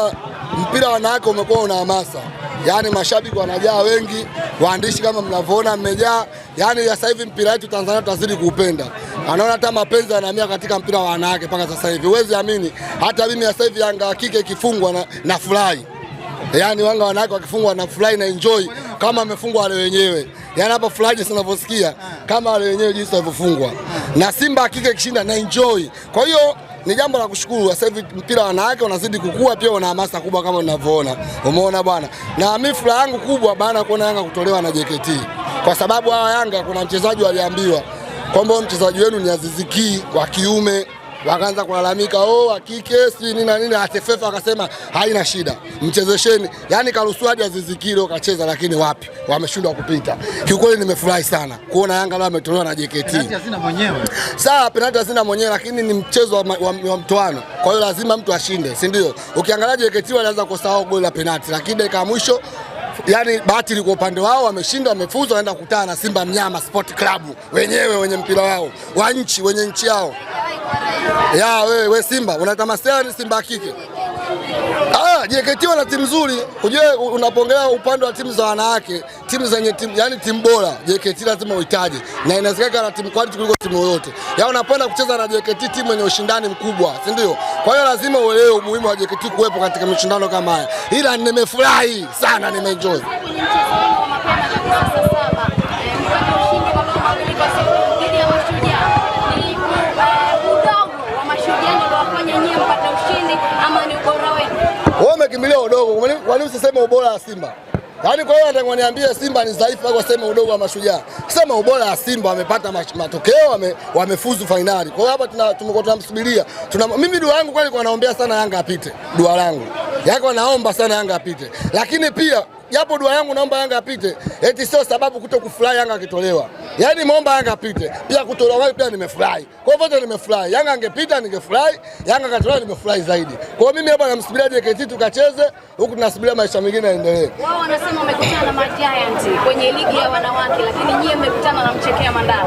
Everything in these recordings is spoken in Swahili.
Ukiona mpira wa wanawake umekuwa una hamasa, yaani mashabiki wanajaa wengi, waandishi kama mnavyoona mmejaa. Yaani sasa hivi mpira wetu Tanzania tutazidi kuupenda, anaona hata mapenzi yanahamia katika mpira wa wanawake mpaka sasa hivi, huwezi amini. Hata mimi sasa hivi Yanga ya kike ikifungwa na, na furahi yaani wanga wanawake wakifungwa na furahi na enjoy kama amefungwa wale wenyewe, yaani hapa furahi sinavyosikia kama wale wenyewe jinsi walivyofungwa, na Simba hakika ikishinda na enjoy. Kwa hiyo ni jambo la kushukuru. Sasa hivi mpira wanawake unazidi kukua, pia una hamasa kubwa kama unavyoona, umeona bwana. Na mimi furaha yangu kubwa bana kuona Yanga kutolewa na JKT, kwa sababu hawa Yanga kuna mchezaji waliambiwa kwamba mchezaji wenu ni Aziziki wa kiume wakaanza kulalamika, oh, hakike si nini na nini. Atefefa akasema haina shida, mchezesheni. Yani karuhusu hadi Azizi kacheza, lakini wapi, wameshindwa kupita. Kiukweli nimefurahi sana kuona Yanga leo ametolewa na JKT. Penalti hazina mwenyewe, sawa, penalti hazina mwenyewe, lakini ni mchezo wa, wa, wa mtoano, kwa hiyo lazima mtu ashinde, si ndio? Ukiangalia JKT walianza kusahau goli la penalti, lakini dakika ya mwisho yaani bahati ilikuwa upande wao, wameshinda wamefuzu, wanaenda kukutana na Simba Mnyama Sport Club wenyewe wenye mpira wao wa nchi wenye nchi yao ya wewe we Simba unaita ni Simba kike. Ah, JKT wana timu nzuri. Unajua unapongelea upande wa timu za wanawake, timu zenye timu, yani timu bora, JKT lazima uhitaji. Na inawezekana na timu quality kuliko timu yoyote. Ya unapenda kucheza na JKT timu yenye ushindani mkubwa, si ndio? Kwa hiyo lazima uelewe umuhimu wa JKT kuwepo katika mashindano kama haya. Ila nimefurahi sana, nimeenjoy. kimbilio udogo. Kwa nini usiseme ubora wa Simba? Yaani kwa hiyo nataka Simba ni dhaifu au waseme udogo wa Mashujaa. Sema ubora wa Simba wamepata matokeo wame, wamefuzu fainali. Kwa hiyo hapa tuna tumekuwa tunamsubiria. Tuna, mimi dua yangu kwani kwa naombea sana Yanga apite. Dua langu. Yako naomba sana Yanga apite. Lakini pia japo dua yangu naomba Yanga apite, eti sio sababu kuto kufurahi Yanga akitolewa. Yaani momba Yanga apite. Pia kutolewa wapi pia nimefurahi. Kwa hivyo nimefurahi. Yanga angepita ningefurahi. Yanga katolewa nimefurahi zaidi. Kwa hiyo mimi hapa namsubiria JKT tukacheze huku tunasubiria maisha mengine yaendelee. Wao wanasema wamekutana na Magiant kwenye ligi ya wanawake lakini nyie mmekutana na mchekea Mandala.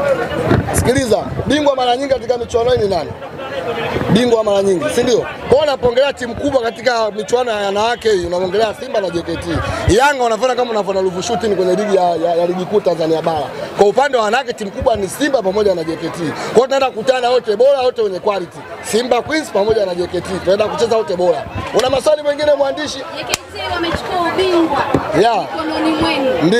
Sikiliza, bingwa mara nyingi katika michuano ni nani? bingwa mara nyingi, si ndio? Kwao napongelea timu kubwa katika michuano ya wanawake hii, unaongelea Simba na JKT. Yanga wanafanya kama wanafanya Ruvu Shooting kwenye ligi ya, ya, ya ligi kuu Tanzania bara. Kwa upande wa wanawake timu kubwa ni Simba pamoja na JKT. Kwao tunaenda kukutana wote bora, wote wenye quality, Simba Queens pamoja na JKT, tunaenda kucheza wote bora. Una maswali mengine mwandishi? JKT wamechukua ubingwa, yeah. Mkononi mwenu.